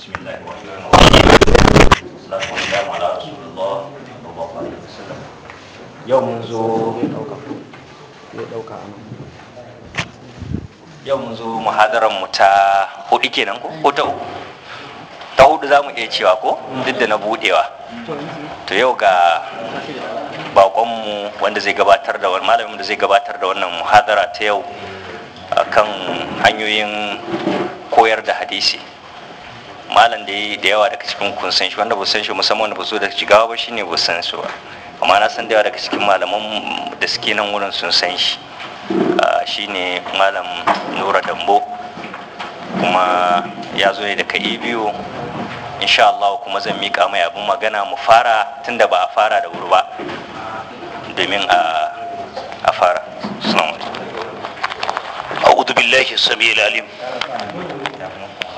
بسم الله الرحمن الرحيم والصلاة والسلام على رسول yau mun zo muhadarar mu ta hudu kenan ko ko ta uku ta hudu za mu iya cewa ko duk da na budewa to yau ga bakonmu wanda zai gabatar da wani malamin da zai gabatar da wannan muhadara ta yau kan hanyoyin koyar da hadisi malam da da yawa daga cikin kun san shi wanda ba san shi musamman da ba su da jigawa ba shine ba san su ba amma na san da yawa daga cikin malaman da suke nan wurin sun san shi ah, shine malam nura dambo kuma ya zo ne daga ibiyo insha Allah kuma zan mika mai abin magana mu fara tunda ba a fara da wuri ba domin a fara assalamu alaikum a'udhu billahi samiyil alim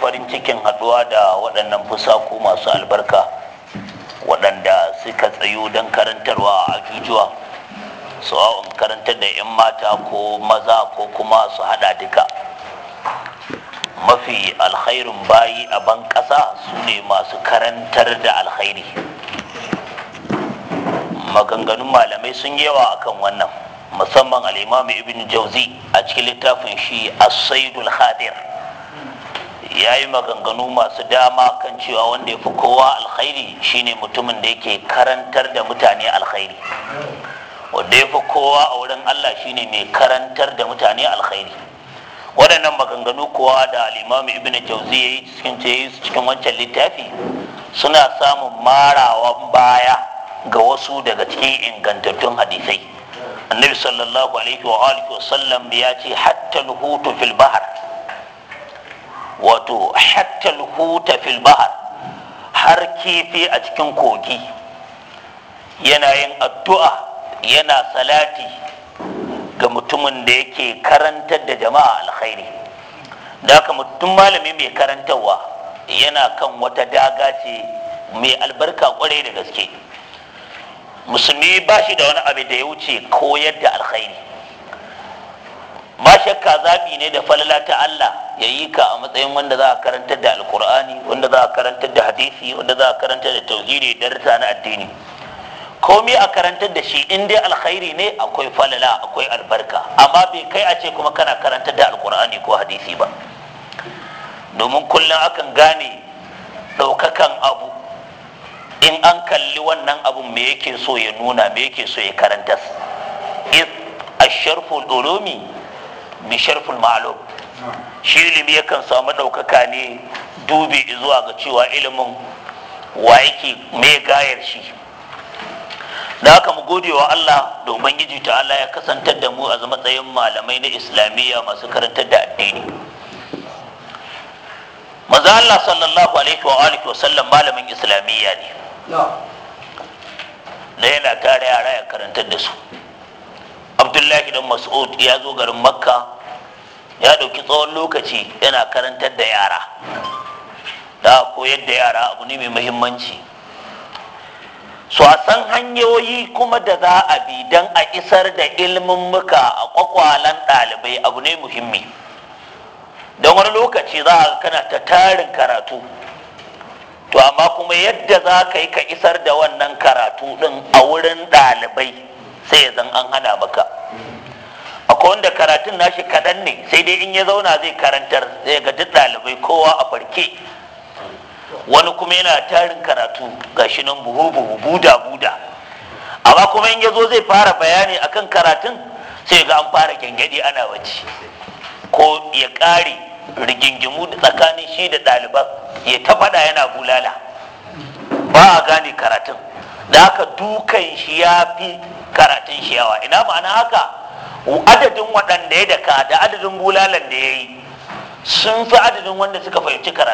farin cikin haɗuwa da waɗannan fusaku masu albarka waɗanda suka tsayo don karantarwa a ajujuwa sawa'un karanta da 'yan mata ko maza ko kuma su haɗa duka mafi alkhairun bayi a ban ƙasa su ne masu karantar da alkhairi maganganun malamai sun yawa akan wannan musamman al'imamu ibn jauzi a cikin littafin shi as-saidul ya yi maganganu masu dama kan cewa wanda ya fi kowa alkhairi shine mutumin da yake karantar da mutane alkhairi wanda ya fi kowa a wurin allah shine mai karantar da mutane alkhairi waɗannan maganganu kuwa da alimami ibn jauzi ya yi cikin cikin wancan littafi suna samun marawa baya ga wasu daga cikin ingantattun hadisai annabi sallallahu alaihi wa alihi wa sallam ya ce hatta hutu fil bahar wato hattal huta fil bahar har kifi a cikin kogi yana yin addu'a yana salati ga mutumin da yake karantar da jama'a alkhairi da haka mutum malami mai karantarwa yana kan wata daga ce mai albarka kwarai da gaske musulmi ba shi da wani abu da ya wuce koyar da alkhairi ba shakka zaɓi ne da falala ta Allah ya yi ka a matsayin wanda za a karantar da alkur'ani wanda za a karantar da hadisi wanda za a karantar da tauhidi darsa na addini komai a karantar da shi in dai alkhairi ne akwai falala akwai albarka amma bai kai a ce kuma kana karantar da alkur'ani ko hadisi ba domin kullum akan gane ɗaukakan abu in an kalli wannan abun me yake so ya nuna me yake so ya karanta is asharful ulumi bi ma'lum shi ilimi yakan samu ɗaukaka ne dubi zuwa ga cewa ilimin wa yake mai gayar shi da haka mu gode wa Allah da Ubangiji ta'ala ya kasantar da mu a matsayin malamai na islamiyya masu karantar da addini maza Allah sallallahu alaihi wa alihi wa sallam malamin islamiyya ne da yana tare yara ya karantar da su abdullahi ibn mas'ud ya zo garin makka ya ɗauki tsawon lokaci yana karantar da yara da koyar da yara abu ne mai muhimmanci su a san hanyoyi kuma da za a bi don a isar da ilimin muka a kwakwalan ɗalibai abu ne muhimmi don wani lokaci za a kana ta tarin karatu to amma kuma yadda za ka yi ka isar da wannan karatu ɗin a wurin ɗalibai sai ya zan an hana maka akwai wanda karatun nashi kaɗan ne sai dai in ya zauna zai karantar zai ga duk ɗalibai kowa a farke wani kuma yana tarin karatu shi nan buhu buhu buda buda amma kuma in ya zo zai fara bayani akan karatun sai ga an fara gyangyaɗi ana waje ko ya ƙare rigingimu tsakanin shi da ɗaliban ya ta faɗa yana bulala ba a gane karatun da haka dukan shi ya fi karatun shi yawa ina ma'ana haka adadin waɗanda ya daka da adadin bulalan da ya yi sun fi adadin wanda suka fahimci karatu